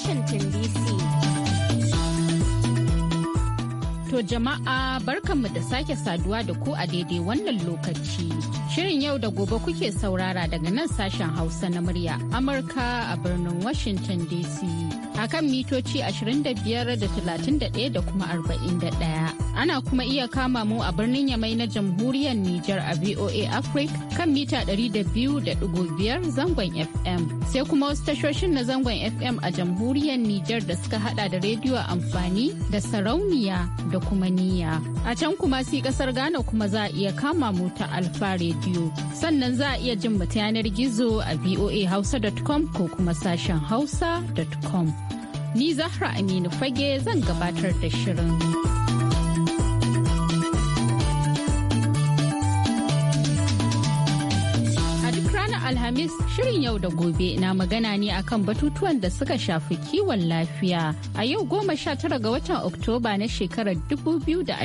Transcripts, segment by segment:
Washington DC. To jama'a barkanmu da sake saduwa da ku a daidai wannan lokaci. Shirin yau da gobe kuke saurara daga nan sashen Hausa na murya Amurka a birnin Washington DC. A kan mitoci 25 da 31 da kuma 41. Ana kuma iya kama mu a birnin Yamai na jamhuriyar Nijar a VOA Africa kan mita 200.5 zangon FM. Sai kuma wasu tashoshin na zangon FM a jamhuriyar Nijar da suka hada da rediyo amfani da sarauniya da kuma niya A can kuma si kasar Ghana kuma za a iya kama mu ta Alfa rediyo Sannan za a iya jin mu ta yanar gizo a voahausa.com ko kuma sashen hausa.com. Ni Zahra Aminu Fage zan gabatar da shirin. Shirin yau da gobe na magana ne akan batutuwan da suka shafi kiwon lafiya. A yau goma sha tara ga watan Oktoba na shekarar dubu biyu da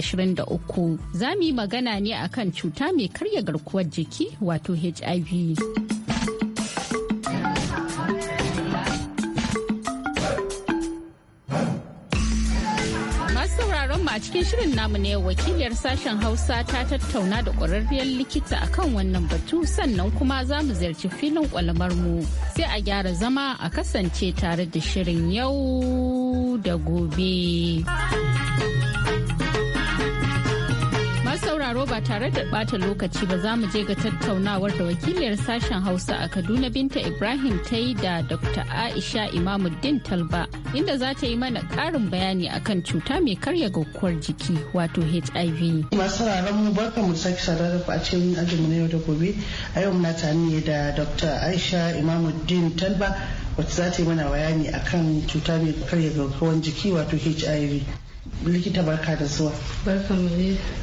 uku, za mu yi magana ne akan cuta mai karya garkuwar jiki wato HIV. a cikin shirin namu ne wakiliyar sashen Hausa ta tattauna da ƙwararriyar likita akan wannan batu sannan kuma za mu ziyarci filin kwalamar mu sai a gyara zama a kasance tare da shirin yau da gobe. sauraro ba tare da bata lokaci ba za mu je ga tattaunawar da wakiliyar sashen Hausa a Kaduna Binta Ibrahim ta yi da Dr. Aisha Imamuddin Talba inda za ta yi mana karin bayani akan cuta mai karya garkuwar jiki wato HIV. Masu sauraron mu barka mu sake sadarwa a cikin ajinmu na yau da gobe. A yau muna ne da Dr. Aisha Imamuddin Talba wacce za ta yi mana bayani akan cuta mai karya garkuwar jiki wato HIV. likita barka da zuwa barka mu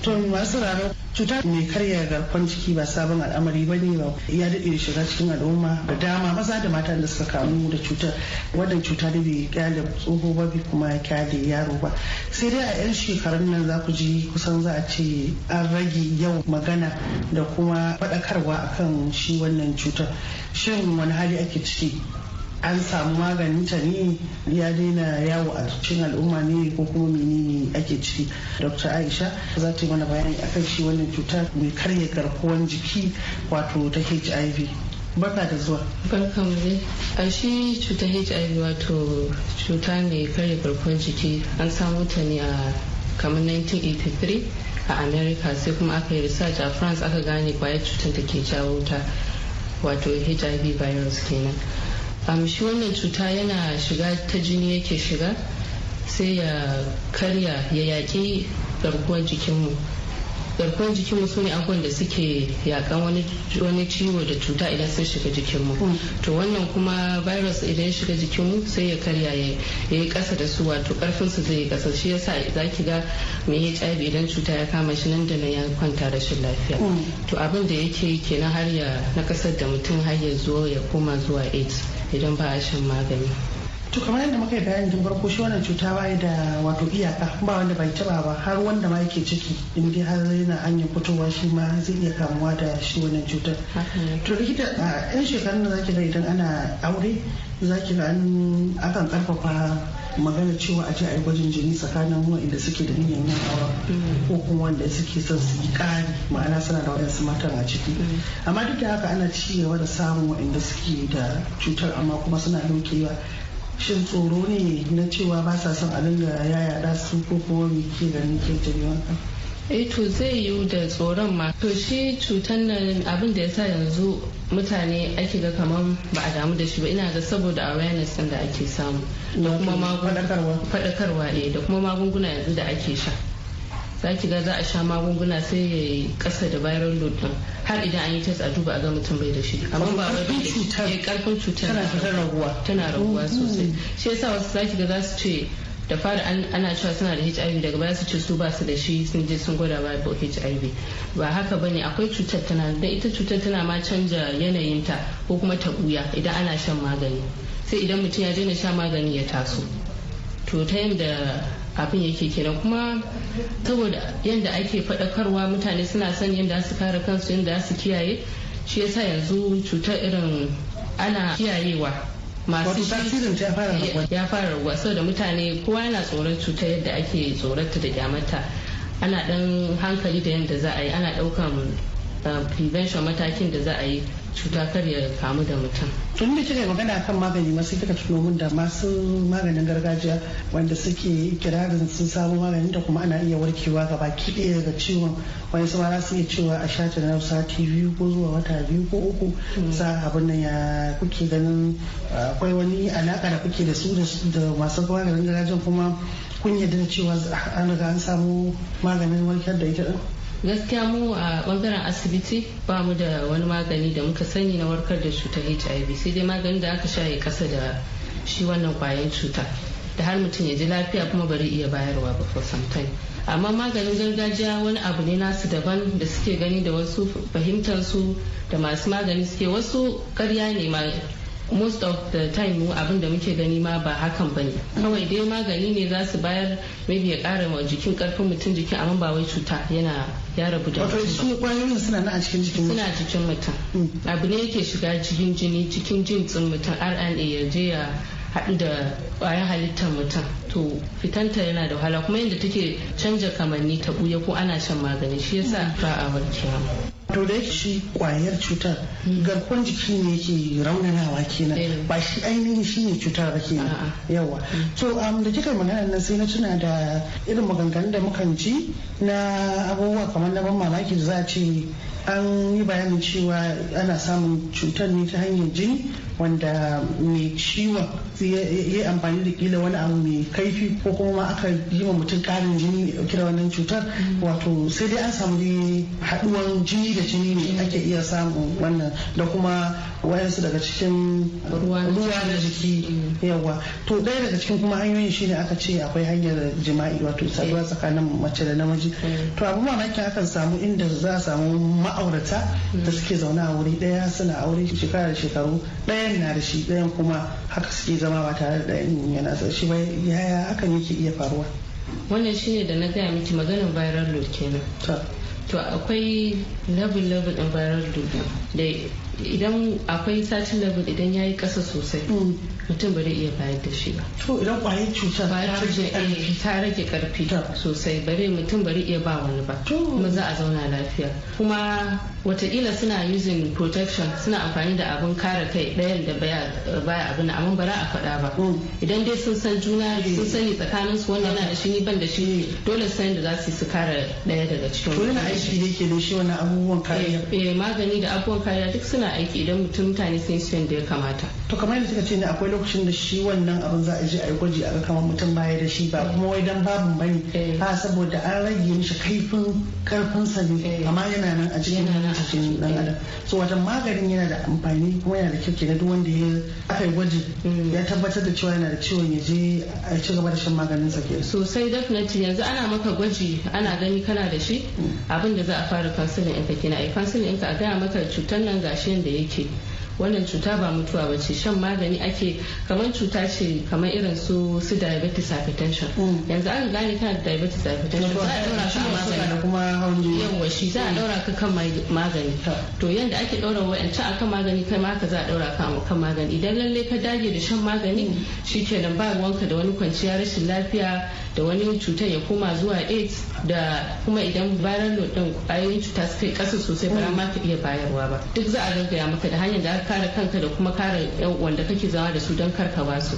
to masu raro cuta mai karya garkon jiki ba sabon al'amari ba ne ba ya daɗe shiga cikin al'umma da dama maza da mata da suka kamu da cutar wannan cuta da bai kyale tsoho ba bai kuma kyale yaro ba sai dai a 'yan shekarun nan za ku ji kusan za a ce an rage yau magana da kuma faɗakarwa akan shi wannan cutar shin wani hali ake ciki an samu maganin ta ne ya daina yawo a cikin al'umma ne ko kuma menene ake ciki dr aisha za ta yi mana bayani akan shi wannan cuta mai karya garkuwan jiki wato ta hiv barka da zuwa barkan mu a shi cutar hiv wato cuta mai karya garkuwar jiki an samu ta ne a kamar 1983 a america sai kuma aka yi research a france aka gane kwayar cutar da ke jawo ta wato hiv virus kenan shi wannan cuta yana shiga ta jini yake shiga sai ya karya ya yaƙi garkuwar jikinmu garkuwar jikin mu ne abubuwan da suke yakan wani ciwo da cuta idan sun shiga jikinmu hmm. to wannan kuma virus idan ya shiga jikin mu sai ya karya ya yi kasa da su wato karfin su zai yi kasa shi yasa za ki ga mai hiv idan cuta ya kama shi nan da nan ya kwanta rashin lafiya hmm. to abin da yake kenan har ya na kasar da mutum har ya zo ya koma zuwa aids idan ba a shan magani to kamar yadda muka yi bayani tun farko shi wannan cuta baya da wato iyaka ba wanda bai taba ba har wanda ma yake ciki in dai har yana hanyar fitowa shi ma zai iya kamuwa da shi wannan cutar to likita a yan shekarun da zaki ga idan ana aure zaki ga an akan karfafa magana cewa a je a yi gwajin jini tsakanin inda suke da niyyar yin aure. Mm. ko kuma wanda suke son su yi kari ma'ana suna da wadansu matan a ciki mm. amma duk da haka ana ci da samun wanda suke da cutar amma kuma suna daukewa shin tsoro ne na cewa ba sa son a ya yaya su ko kuma mai ke da ke tabi wanka eh to zai yiwu da tsoron ma to shi cutan nan abin da ya sa yanzu mutane ake ga kamar ba a damu da shi ba ina ga saboda awareness da ake samu da kuma magunguna. faɗakarwa eh, da kuma magunguna yanzu da ake sha za ga za a sha magunguna sai ya yi kasa da viral load din har idan an yi test a duba a ga mutum bai da shi amma ba wai bai cutar karfin eh, cutar tana raguwa tana sosai shi yasa wasu za ga za su ce da fara ana cewa suna da hiv daga baya su ce su ba su da shi sun je sun gwada ba hiv ba haka ba ne akwai cutar tana da ita cutar tana ma canja ta ko kuma ta buya idan ana shan magani sai idan mutum ya je na sha magani ya taso to ta yadda abin yake kenan kuma saboda yadda ake faɗakarwa mutane suna son yadda su kare kansu yadda su kiyaye shi yasa yanzu cutar irin ana kiyayewa masu fara ya fara saboda mutane kowa yana tsoron cutar yadda ake tsorata da kyamata ana ɗan hankali da yadda za a yi ana daukan eh, prevention matakin da za a yi cuta kar ya kamu da mutum. tun da kika magana kan magani masu kika tuno mun da masu maganin gargajiya wanda suke kirarin sun samu maganin da kuma ana iya warkewa gaba ki ɗaya daga ciwon wani su mara su iya cewa a shata na sati biyu ko zuwa wata biyu ko uku za abin nan ya kuke ganin akwai wani alaka da kuke da su da masu maganin gargajiya kuma kun yarda da cewa an riga an samu maganin warkar da ita gaskiya mu a bangaren asibiti ba mu da wani magani da muka sani na warkar da cutar hiv sai dai maganin da aka sha ya kasa da shi wannan kwayan cuta da har mutum ya ji lafiya kuma bari iya bayarwa ba for some time amma maganin gargajiya wani abu ne nasu daban da suke gani da wasu fahimtar su da masu magani suke wasu karya ne most of the time mu abin da muke gani ma ba hakan ba ne kawai dai magani ne za su bayar mai ya kara ma jikin karfin mutum jikin amma ba wai cuta yana ya rabu da wato su kwayoyin suna nan a cikin jikin mutum suna cikin mutum hmm. abu ne yake shiga cikin jini cikin jinsin mutum RNA ya je ya haɗu da ƙwayar halittar mutum to fitanta yana da wahala kuma yadda take canja kamanni ta buya ko ana shan magani shi yasa ba a warkewa to da shi kwayar cutar garkuwan jiki ne yake raunanawa kenan eh. ba shi ainihin shi ne cutar ba kenan yawa to um, da kika magana nan sai na tuna da irin maganganun da mukan ji na abubuwa kamar na ban mamaki da za a ce an yi bayanin cewa ana samun cutar ne ta hanyar jini wanda mai ciwon ya yi amfani da kila wani abu mai kaifi ko kuma ma aka yi wa mutum karin jini kira wannan cutar wato sai dai an samu haduwan jini da jini ne ake iya samu wannan da kuma wayansu daga cikin ruwa da jiki yawa to ɗaya daga cikin kuma hanyoyin shi ne aka ce akwai hanyar jima'i wato saduwa tsakanin mace da namiji mm. to abu mamaki akan samu inda za a samu ma'aurata da mm. suke zaune a wuri ɗaya suna aure shekara da shekaru ɗaya ɗayan na da shi ɗayan kuma haka suke zama ba tare da ɗayan yana da shi ba yaya hakan yake iya faruwa wannan shine da na gaya miki maganin viral load kenan to akwai level level ɗin viral load da idan akwai satin level idan ya yi kasa sosai mm. mutum zai iya bayar da shi ba to idan kwayar cutar ta rage karfi eh, sosai ba zai mutum bari iya ba wani ba kuma za a zauna lafiya kuma watakila suna using protection suna amfani da abin kare kai ɗayan da baya abin amma ba za a faɗa ba mm. idan dai sun san juna mm. sun sani tsakanin su wanda na da shi ni ban da shi ne dole san da za su su kare ɗaya daga cikin wani aiki ne ke da shi wani abubuwan kariya eh, eh, magani da abubuwan kariya duk suna suna aiki idan mutum mutane sun yi da ya kamata to kamar yadda suka ce ne akwai lokacin da shi wannan abin za a je a yi gwaji a ga kamar mutum baya da shi ba eh. kuma wai dan babu bane ha eh. saboda an rage mishi kaifin karfin sa ne eh. amma yana nan a cikin cikin dan adam so wata maganin yana da amfani kuma yana da kyau kenan duk wanda ya aka yi gwaji ya tabbatar da cewa yana da ciwon ya je a ci gaba da shan maganin sa kenan sosai definitely yanzu ana maka gwaji ana gani kana da shi hmm. abin da za a fara counseling ɗinka kenan a counseling ɗinka a gaya maka cutar nan gashi da yake wannan cuta ba mutuwa ba ce shan magani ake kamar cuta ce kamar irin su su diabetes hypertension mm. yanzu an gane kana da diabetes hypertension za a daura ka magani yawa shi za a daura ka kan magani to yanda ake daura wayancan akan magani kai ma za a daura ka kan magani idan lalle ka dage da shan magani mm. shikenan ba wanka da wani kwanciya rashin lafiya da wani cutar ya koma zuwa aids da kuma idan viral load din cuta suka yi kasa sosai ba ma ka iya bayarwa ba duk za a gaggaya maka da hanyar da kare kanka da kuma kare yan uwan da kake zama da su don kar ka ba su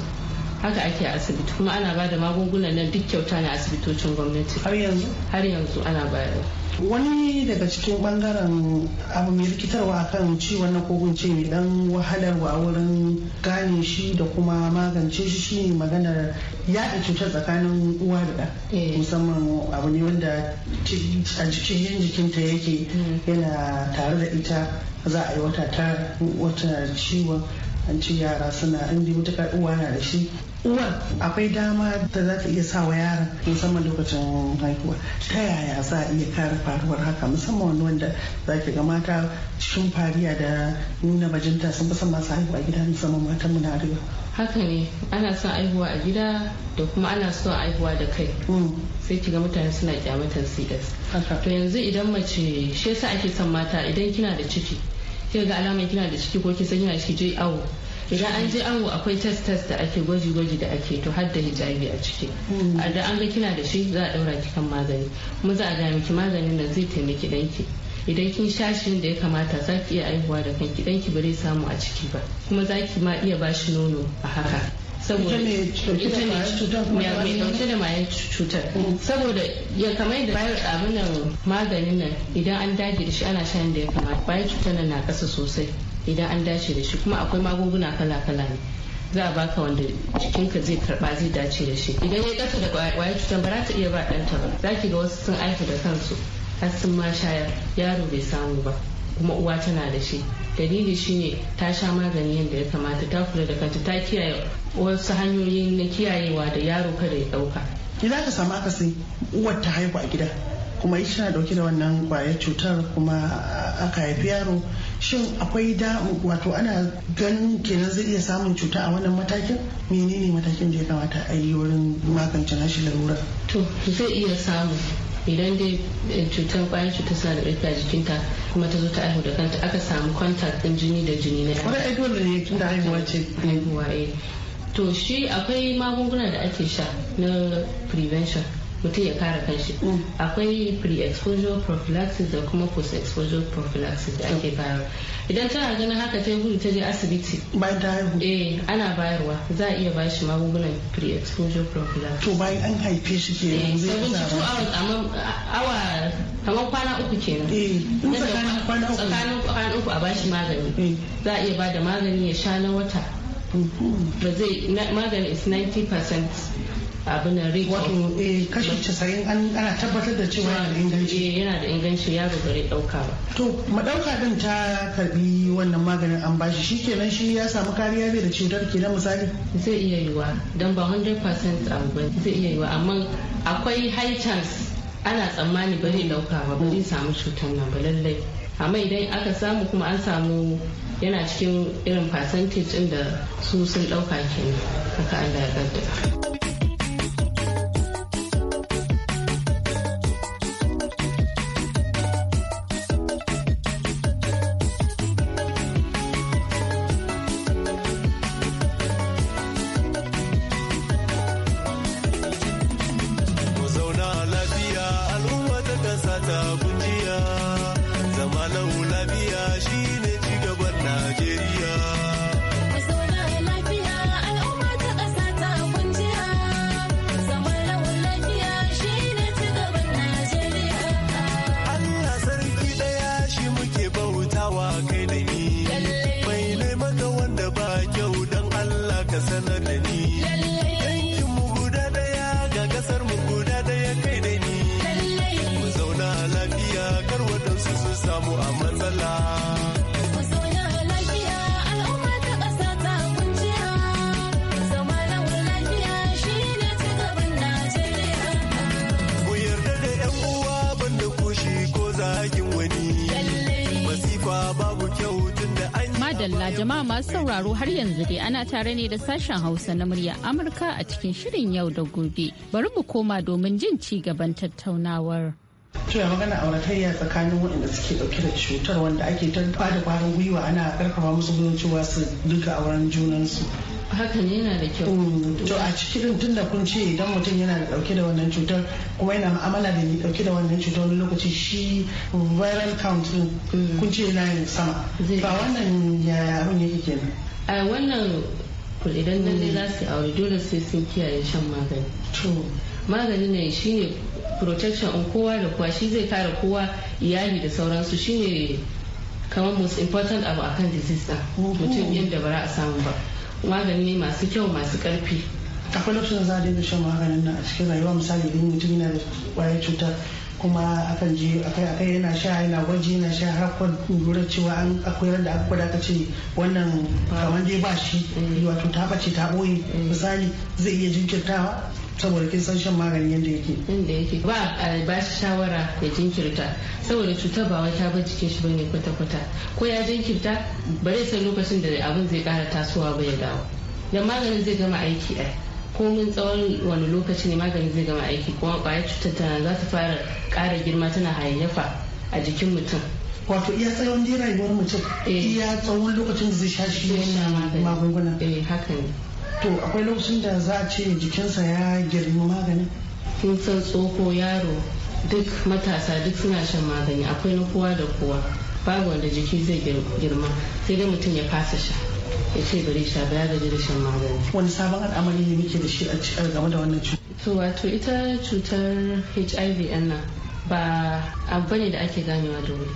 haka ake asibiti kuma ana ba da magungunan nan duk kyauta na asibitocin gwamnati har yanzu har yanzu ana bayarwa wani daga cikin bangaren abu mai rikitarwa kan ciwon na kogun ce mai dan wahalarwa a wurin gane shi da kuma magance shi shi ne maganar yaɗa cutar tsakanin uwa da ɗa eh. musamman abu ne wanda a jikin yin jikinta yake hmm. yana tare da ita za a yi wata ta wata ciwon an ce yara suna an bi mutuka uwa na da shi uwar akwai dama da za ta iya sa wa yaran musamman lokacin haihuwa ta yaya za a iya kare faruwar haka musamman wanda za ki ga mata shin fariya da nuna bajinta sun fi son masu haihuwa gida musamman matan mu na arewa haka ne ana son aihuwa a gida da kuma ana son aihuwa da kai mm. sai ki ga mutane suna kyamatar cs to yanzu idan mace shi yasa ake son mata idan kina da ciki sai ga alama kina da ciki ko ki san kina ciki je awo idan an je awo akwai test test da ake gwaji gwaji da ake to har da hijabi a ciki mm. da an ga kina da shi za a daura ki kan magani kuma za a ga miki maganin nan zai taimaki danki idan kin sha shi da ya kamata za ki iya aihuwa da kanki danki ba zai samu a ciki ba kuma za ki ma iya bashi nono a haka saboda mai dauke da mayan cutar mm. saboda ya kamar da bayar abin maganin nan idan an dage da shi ana shan da ya kamata bayan cutar nan na kasa sosai idan an dace da shi kuma akwai magunguna kala-kala ne za a baka wanda jikinka zai karba zai dace da shi idan ya kasa da kwayar cutar ba za ta iya ba ɗanta ba za ki ga wasu sun aika da kansu har sun ma shayar yaro bai samu ba kuma uwa tana da shi dalili shine ta sha magani yadda ya kamata ta kula da kanta ta kiyaye wasu hanyoyin na kiyayewa da yaro kada ya dauka idan ka samu akasin uwar ta haihu a gida kuma ita tana dauke da wannan kwayar cutar kuma aka haifi yaro shin akwai da wato ana ganin kenan zai iya samun cuta a wannan matakin menene matakin da ya kamata a yi wurin magance nashi larura to zai iya samu idan dai eh, cutar kwayan cutar suna da ƙarfi a jikinta kuma ta zo ta aihu da kanta aka samu kwantar ɗin jini da jini na wani ai dole ya tun da haihuwa ce haihuwa eh to shi akwai magunguna da ake sha na prevention mutum ya kare kanshi mm. akwai pre-exposure prophylaxis da kuma post-exposure prophylaxis da ake bayarwa idan tana ganin haka ta gudu ta je asibiti bayan ta haihu eh ana bayarwa za a iya ba shi magungunan pre-exposure prophylaxis to bayan an haife shi ke yanzu yana da hours awa kamar kwana uku kenan eh, tsakanin kwana uku tsakanin kwana uku a bashi magani eh. za a iya ba da magani ya sha na wata mm-hmm. ba zai magani is 90 percent abin wato eh, kashi 90 ana tabbatar da cewa yana da inganci yana da inganci ya bare dauka ba to madauka din ta karbi wannan maganin an bashi shikenan shi ya samu kariya ne da cutar kenan misali zai iya yiwa dan ba 100% abu ba zai iya yiwa amma akwai high chance ana tsammani bari dauka ba bari zai samu cutar nan ba lallai amma idan aka samu kuma an samu yana cikin irin percentage din da su sun dauka kenan haka Allah ya kaddara sauraro har yanzu dai ana tare ne da sashen Hausa na murya Amurka a cikin shirin yau da gobe. Bari mu koma domin jin ci gaban tattaunawar. Cewa magana auratayya tsakanin waɗanda suke ɗauke da cutar wanda ake ta da ƙwarin gwiwa ana karfafa musu gudun cewa su duka auren junansu. Haka ne yana da kyau to a cikin tunda da kun ce idan mutum yana da dauke da wannan cutar kuma yana mu'amala da ni dauke da wannan cutar wani lokaci shi viral count kun ce yana sama ba wannan yaya abin yake kenan a wannan idan lalle za su aure dole sai sun kiyaye shan magani magani ne shine protection on kowa da kowa shi zai kare kowa iyali da sauransu shine kamar most important abu akan disease din mutum yadda ba za a samu ba magani ne masu kyau masu karfi akwai lokacin da za a daina shan maganin nan a cikin rayuwa misali idan mutum yana da kwayar cuta kuma akan je akai akai yana sha yana gwaji yana sha har kwan lura cewa an akwai yadda aka kwada aka ce wannan kamar dai ba shi mm. wato ta bace ta boye mm. misali zai iya jinkirtawa saboda kin san shan magani yadda yake inda yake ba a ba shi shawara ya jinkirta saboda cutar ba wai ta bincike shi bane kwata kwata ko ya jinkirta ba zai san lokacin da abin zai kara tasowa ba ya dawo da maganin zai gama aiki ko min tsawon wani lokaci ne maganin zai gama aiki a kwayar cutar tana za ta fara kara girma tana hayayyafa a jikin mutum wato iya tsawon dai rayuwar mutum eh. iya tsawon lokacin da zai sha shi magunguna eh haka ne to akwai lokacin da za a ce jikinsa ya girma maganin kin san tsoho yaro duk matasa duk suna shan magani akwai na kowa da kowa babu wanda jiki zai girma sai dai mutum ya fasa sha ya ce bari sha ba ya gaji da shan magani wani sabon al'amari ne muke da shi a game da wannan cuta to wato ita cutar hiv nan ba abu bane da ake ganewa da wuri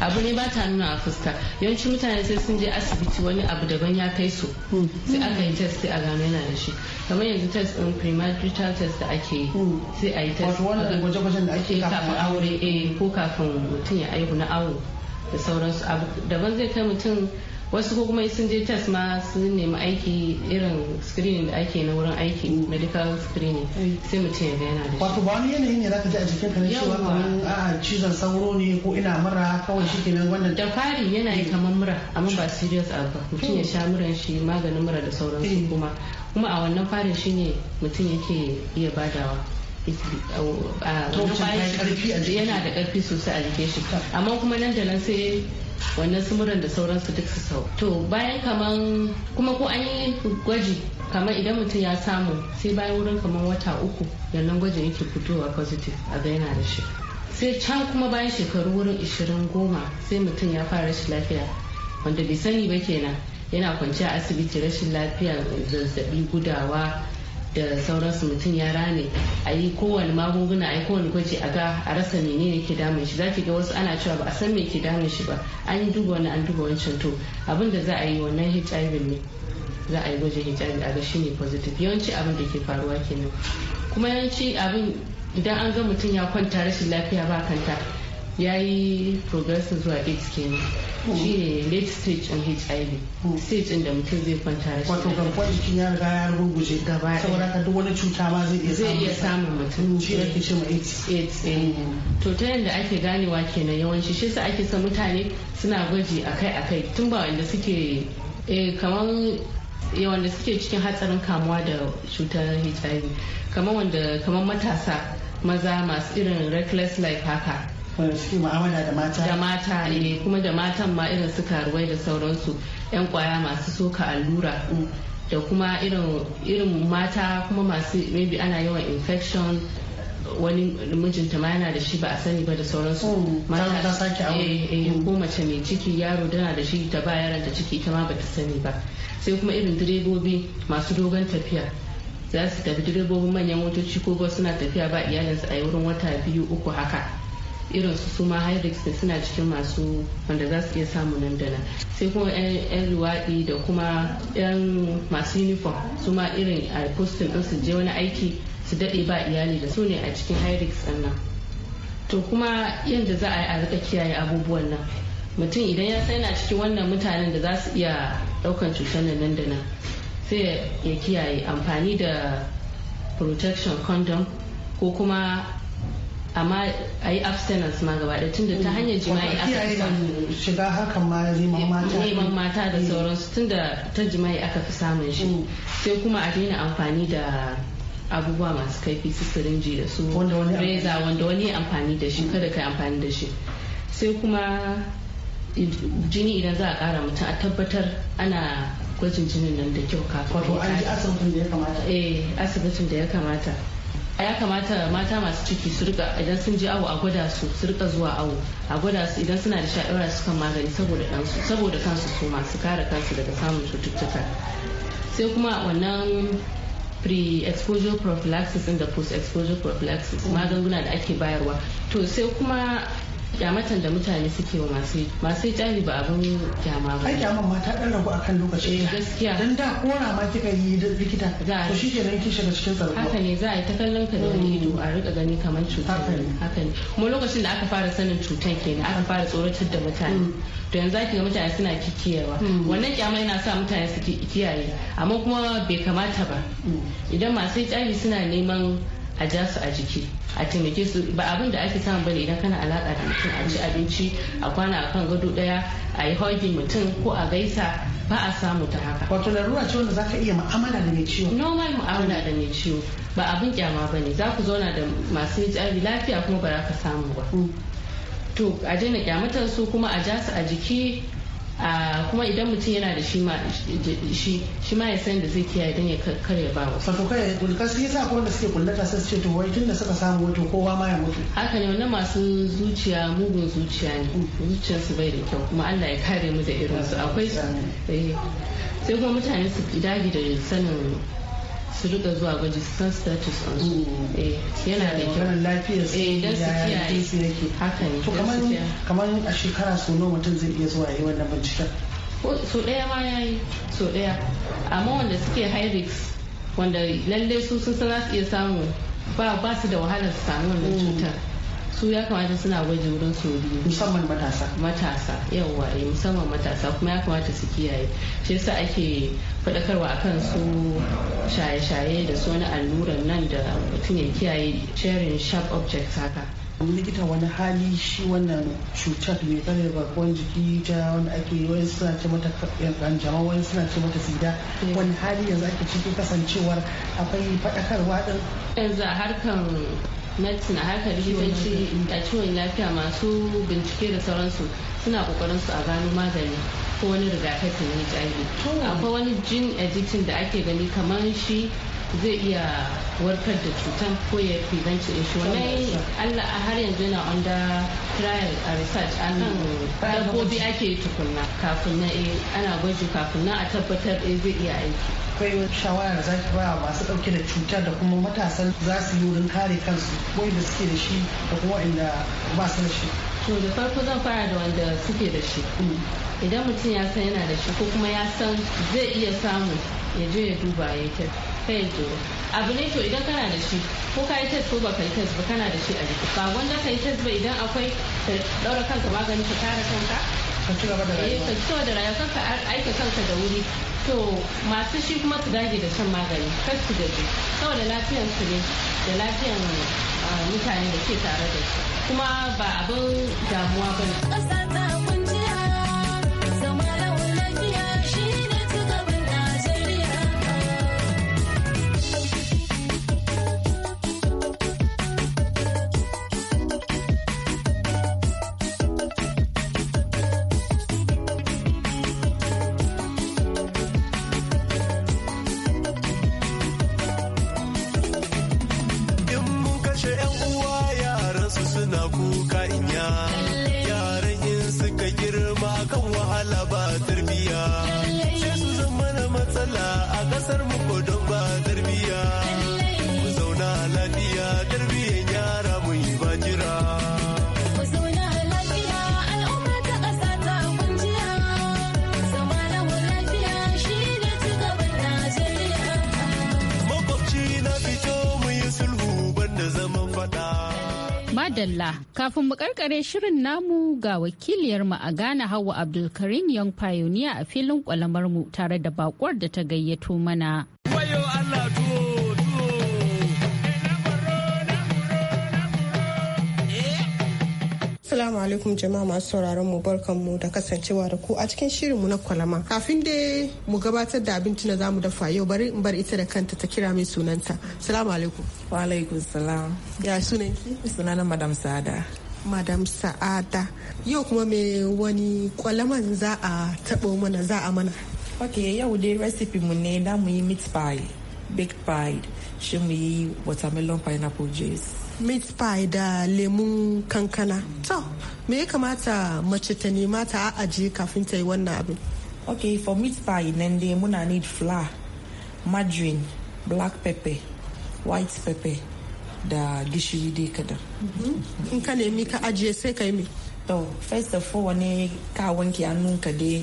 abu ne ba ta nuna a fuska yawanci mutane sai sun je asibiti wani abu daban ya kai su sai aka yi test sai a gano yana da shi kamar yanzu test ɗin premarital test da ake yi hmm. sai a yi test kafin aure e ko kafin mutum ya aihu na awo da sauransu abu daban zai kai mutum wasu kuma sun je test ma sun nemi aiki irin screening da ake na wurin aiki medical screening sai mutum ya ga da shi wato ba wani yanayi ne ka ji a jikin ka na cewa kamar a ah, cizon sauro ne ko ina mura kawai shi nan wannan da fari yana yi kamar mura amma ba serious abu mutum ya sha muran shi maganin mura da sauransu hmm. kuma kuma a wannan farin shine mutum yake iya badawa yana da karfi sosai a jikin shi amma kuma nan da nan sai wannan sumuran da sauransu duk su sau to bayan kaman kuma ko an yi gwaji kamar idan mutum ya samu sai bayan wurin kamar wata uku da nan gwajin yake fitowa positive a ga da shi sai can kuma bayan shekaru wurin ishirin goma sai mutum ya fara rashin lafiya wanda bai sani ba kenan yana kwanciya asibiti rashin lafiya zazzabi gudawa da sauransu mutum ya rane a yi kowane magunguna a yi kowane gwaji a ga a rasa menene ke damun shi zaki ga wasu ana cewa ba a san me ke damun shi ba an yi duba wani an duba wancan to abin da za a yi wannan hiv ne za a yi gwajin hiv a ga shi ne positive yawanci abin da ke faruwa kenan kuma yawanci abin idan an ga mutum ya kwanta rashin lafiya ba kanta ya yi progressive zuwa aids kenan shi ne late stage in hiv hmm. stage inda mutum zai kwanta shi wato garkuwar jikin ya riga ya ruguje gaba saboda ka duk wani cuta ma zai iya zai iya samun mutum shi ke cewa aids aids eh. hmm. to ta yanda ake ganewa kenan yawanci shi sa ake son mutane suna gwaji akai-akai tun ba wanda suke eh, kamar eh, wanda suke cikin hatsarin kamuwa da cutar hiv kamar wanda kamar matasa maza masu irin reckless life haka suke da mata da mata kuma da matan ma irin su karuwai da sauransu yan kwaya masu soka allura da kuma irin mata kuma masu maybe ana yawan infection wani mijinta ma yana da shi ba a sani ba da sauransu oh, mata sake eh, eh, mm. ko mace mai ciki yaro dana da shi ta ba yaron ta ciki ita ma bata sani ba sai kuma irin direbobi masu dogon tafiya za su tafi direbobin manyan motoci ko ba suna tafiya ba iyalinsu a wurin wata biyu uku haka irin su suma hydrix da suna cikin masu wanda za su iya samu nan da nan sai kuma yan luwaɗi da kuma yan masu uniform suma irin a postin ɗin su je wani aiki su daɗe ba iyali da su ne a cikin hyrix nan to kuma yadda za a yi a rika kiyaye abubuwan nan mutum idan ya sai na cikin wannan mutanen da za su iya ɗaukan cutar nan da nan sai ya kiyaye amfani da protection condom ko kuma amma a yi abstinence ma gaba da tunda ta hanyar jima'i aka fi samu shiga hakan ma neman mata neman mata da eh. sauransu tunda ta jima'i aka fi samun shi mm. sai kuma a daina amfani da abubuwa masu kaifi su sirinji da su reza wanda wani ya amfani da shi mm. kada ka amfani da shi sai kuma jini idan za a kara mutum a tabbatar ana gwajin jinin nan da kyau kafin wato an ji asibitin da ya kamata eh asibitin da ya kamata a ya kamata mata masu ciki su rika idan sun je awo a gwada su su rika zuwa awo a gwada su idan suna da sha'ira su kan magani saboda ɗansu saboda kansu su masu kare kansu daga samun cututtuka sai kuma wannan pre-exposure prophylaxis da post-exposure prophylaxis magunguna da ake bayarwa to sai kuma kyamatan da mutane suke wa masu masu hijabi ba abin kyama ba. Ai kyaman ma ta dan rabu akan lokaci. Eh, gaskiya. Dan da kora ma kika yi da likita. To shi ke nan ki shiga cikin tsaro. Haka ne za a yi ta kallon ka da hmm. ido a rika gani kamar cuta. Haka ne. Haka ne. Kuma lokacin da aka fara sanin cutan kenan aka fara tsoratar da mutane. Hmm. To yanzu zaki ga mutane suna kikiyewa. Hmm. Wannan kyama yana sa mutane su kiyaye amma kuma bai kamata ba. Idan masu hijabi suna neman a ja su a jiki a taimake su ba abin da ake samu bane idan kana alaka da mutum a ci abinci a kwana a kan gado daya a yi hogin mutum ko a gaisa ba a samu ta haka wato larura ce wanda zaka iya mu'amala da mai ciwo normal mu'amala da mai ciwo ba abin kyama bane za ku zauna da masu HIV lafiya kuma ba za ka samu ba mm. to a daina kyamatar su kuma a ja su a jiki kuma idan mutum yana da shi ma shi ma ya san da zai kiyaye don ya ya ba wasu. Fato kai kulka su yasa ko da suke kullata sai su ce to wai tunda suka samu wato kowa ma ya mutu. Haka ne wannan masu zuciya mugun zuciya ne zuciyar bai da kyau kuma Allah ya kare mu da irin su akwai eh, sai kuma mutane su dage da sanin su rika zuwa gwaji su san status on su yana da kyau lafiyar su eh, don su kiyaye su yake haka ne to kamar kamar a shekara su nawa mutum zai iya zuwa yi wannan binciken so daya ma yayi so daya amma wanda suke high risk wanda lalle su sun san za su iya samu ba ba su da wahalar su samu wannan mm. cutar su ya kamata suna gwaji wurin su biyu musamman matasa matasa yawa eh, musamman matasa kuma ya kamata su kiyaye shi yasa ake faɗakarwa akan su shaye-shaye da su wani alluran nan da mutum ya kiyaye sharing sharp objects haka likita wani hali shi wannan cutar mai tsare garkuwar jiki ta wanda ake wani suna ce mata jama'a wani suna ce mata sida eh. wani hali yanzu ake ciki kasancewar akwai faɗakarwa din yanzu a harkar medicine a harkar likitanci a ciwon lafiya masu bincike da sauransu suna kokarin su a gano magani ko wani rigakafin hiv akwai wani jin editing da ake gani kamar shi zai iya warkar da cutan ko ya prevention din shi wani. Allah har yanzu yana under trial a research nan hmm. dabbobi ake yi tukunna kafin na eh, ana gwaji kafin na a tabbatar eh, zai iya aiki akwai shawara da zaki ba masu ɗauke da cutar da kuma matasan za su yi wurin kare kansu wanda suke da shi da kuma inda ba su da shi to da farko zan fara da wanda suke da shi idan mutum ya san yana da shi ko kuma ya san zai iya samu ya je ya duba ya ta kai to abu ne to idan kana da shi ko ka yi test ko ba ka yi test ba kana da shi a jiki ba wanda ka yi test ba idan akwai ka daura kanka magani ka kare kanka ka ci gaba da eh, rayuwa ka ci gaba da rayuwa kanka aika kanka da wuri to masu shi kuma su dage da shan magani kar su gaji saboda lafiyar su ne da lafiyar ah, mutane da ke tare da su kuma ba abin damuwa ba ne Kafin mu karkare shirin namu ga wakiliyarmu a Ghana Hauwa Abdulkarim Young Pioneer a filin kwalamar mu tare da bakwar da ta gayyato mana. Salamu alaikum jama'a masu sauraron mu barkan mu da kasancewa da ku a cikin shirinmu na kwalama. Kafin dai mu gabatar da abinci na zamu dafa yau bari in bar ita da kanta ta kira mai sunanta. Salamu alaikum. Wa alaikum salam. Ya sunan ki? Sunana Madam sa'ada. Madam Sa'ada. Yau kuma me wani kwalaman za a taɓo mana za a mana. Ok yau dai recipe mu ne da mu yi meat pie, baked pie, shi mu yi watermelon pineapple juice. meat pie da lemun kankana to me ya kamata mace ta nema ta ajiye kafin ta yi wannan abin okay for meat pie nan dai muna need flour margarine black pepper white pepper da gishiri dai kadan mm-hmm. in ka nemi ka ajiye sai ka yi mi to first of all ne ka wanke ka dai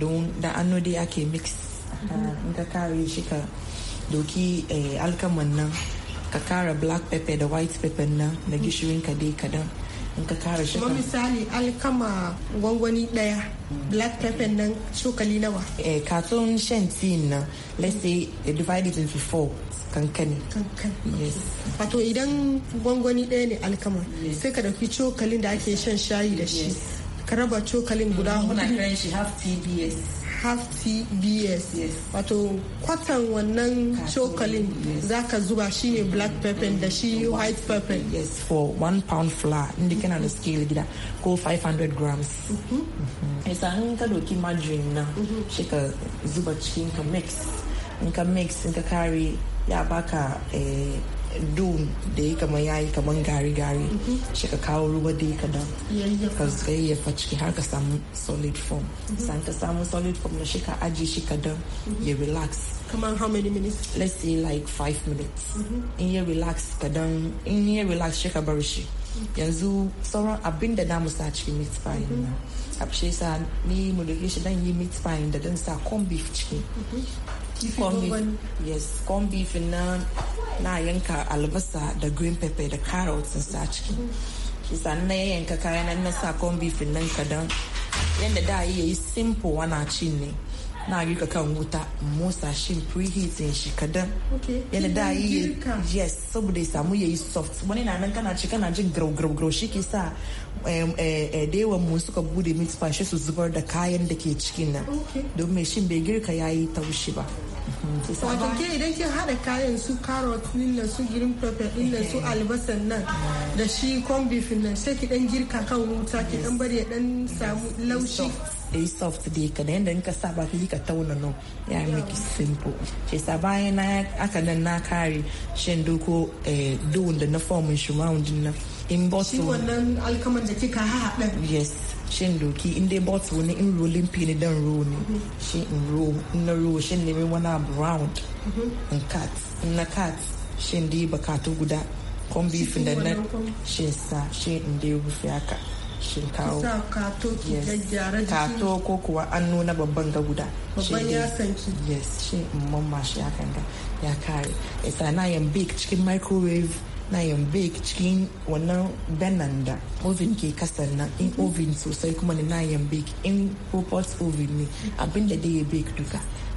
don da hannu dai ake mix mm-hmm. ah, in ka kare shi ka doki eh, alkaman nan ka kara black pepper da white pepper nan da gishirin ka dai kadan in ka kara shi kuma misali alkama gwangwani daya black pepper nan cokali nawa eh katon shan tin nan let's say eh, divide it into four kankani yes wato idan gwangwani daya ne alkama sai ka dauki cokalin da ake shan shayi da shi ka raba cokalin guda hudu half tbs half tbs wato kwatan wannan cokalin za ka zuba shine black pepper da shi white pepper yes for one pound flour inda kana da scale gida ko 500 grams mm-hmm. Mm-hmm. isa an ka doki margarine na mm-hmm. shi ka zuba cikin ka mix in ka mix in ka kare ya baka eh, do da ya kamar yayi kamar gari-gari mhm. shi ka kawo ruwa da ya kadan ka yayyafa ciki har ka samu solid form mhm. san ka samu solid form na shi ka aji shi kadan mhm. ya relax kaman how many minutes let's say like five minutes in ya relax kadan in ya relax shi ka bar shi yanzu sauran abin da namu sa cikin meat pie na abshe sa ni mu da shi dan yi mit pie da dan sa corn beef ciki corn beef yes corn beef na na yanka albasa da green pepper da carrot sun sa ciki sannan na yanka kayan na sa corn beef nan don yadda da yi yayi simple wana ci ne na girka kan wuta musa shi preheating shi kadan yadda da yi yes saboda ya samu yayi soft wani na nan kana ci kana jin grau grau grau shi ke sa eh, eh, da mu suka bude meat pie shi su zubar da kayan da ke cikin nan domin shin bai girka yayi taushi ba wato ke idan kin hada kayan su carrot nan su green pepper nan su albasan nan da shi corn beef nan sai ki dan girka kan wuta ki dan bari ya dan samu laushi yi soft dai ka da yadda ka sa ba ka yi ka tauna no ya miki simple shi sa bayan na aka nan na kare shan doko eh, doon da na fomin shi ma na. in bottle shi wannan alkaman da kika haɗa yes shin doki in dai bot wani in rolling pin ne dan roll ne shi in roll in na roll shin nemi wani abu round mhm. in cat in na cut shin dai bakatu guda kon bifin da na shin sa shin in dai rufe haka shin kawo kato ko kuwa an nuna babban ga guda babban ya sanki yes shin in mamma shi hakan da ya kare isa na yan bake cikin microwave na yin bake cikin wannan benin da oven ke kasar nan in mhm. ovin sosai kuma na yin bake in pot oven ne abinda da ya bake duka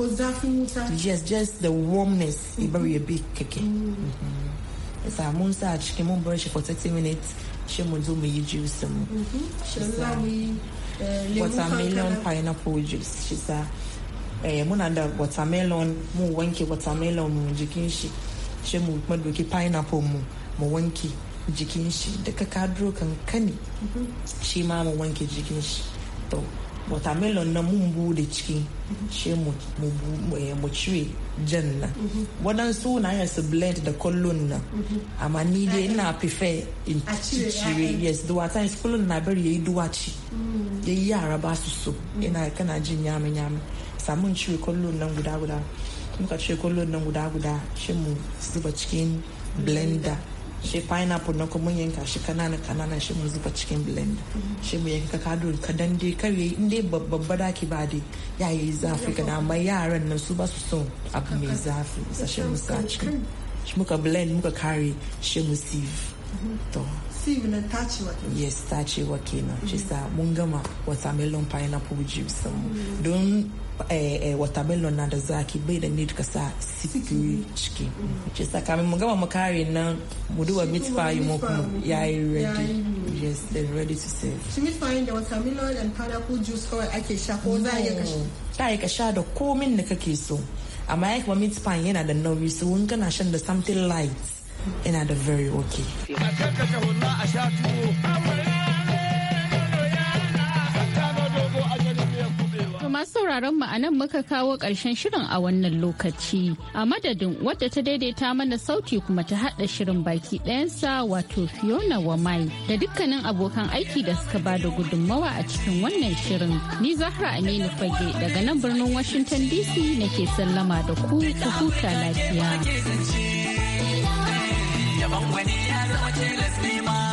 ko zafin wuta yes just the warmness ya bar ya bi keke. yasa mun sa cikin mun bar shi for 30 minutes shi mu zo mu yi juice mm-hmm. eh, mu watermelon pineapple juice shi sa eh, muna da watermelon mu wanke watermelon mu jikin shi shi mu madoki pineapple mu mu wanke jikin shi duka kaduro kankani shi ma mu wanke jikin shi to watermelon na mun bude ciki shi eh, mu cire jan na mhm. waɗansu na yin su blend da kullun na. Mhm. amma ni dai ina prefer in cire yes duwa ta is kullun na bari yayi duwaci mm. yi yara ba su so mm. ina kana jin yami yami samun cire kullun nan guda guda muka cire kullun nan guda guda shi mu zuba cikin blender shi pineapple na kuma yanka shi kanana kanana shi mu zuba cikin blender shi mu yanka kado kadan ka kar yayi in dai babba daki ba dai ya yi zafi kana dama yaran nan su ba su son abu mai zafi sa shi mu sa cikin shi muka blend muka kare shi mu sieve to Sieve nan tacewa kenan. Yes, tacewa kenan. Mm Cisa mun gama watermelon pineapple juice mm. Don eh, eh, watermelon mm. na da zaki bai da need ka sa sikiri ciki. Cisa kamin mun gama mu kare nan mu duba meat pie mu kuma yayi ready. Yes, they're ready to serve. Shi meat pie da watermelon and pineapple juice kawai ake sha ko za a iya ka sha? Za a ka sha da komin da kake so. Amma ya kuma meat pie yana da nauyi so in kana shan da something light. ina da very okay. masu sauraron mu a nan muka kawo ƙarshen shirin a wannan lokaci a madadin wadda ta daidaita mana sauti kuma ta haɗa shirin baki ɗayansa wato fiona wa mai da dukkanin abokan aiki da suka ba da gudunmawa a cikin wannan shirin ni zahra aminu fage daga nan birnin washington dc nake sallama da ku ku huta lafiya. daban ya zama tilas nema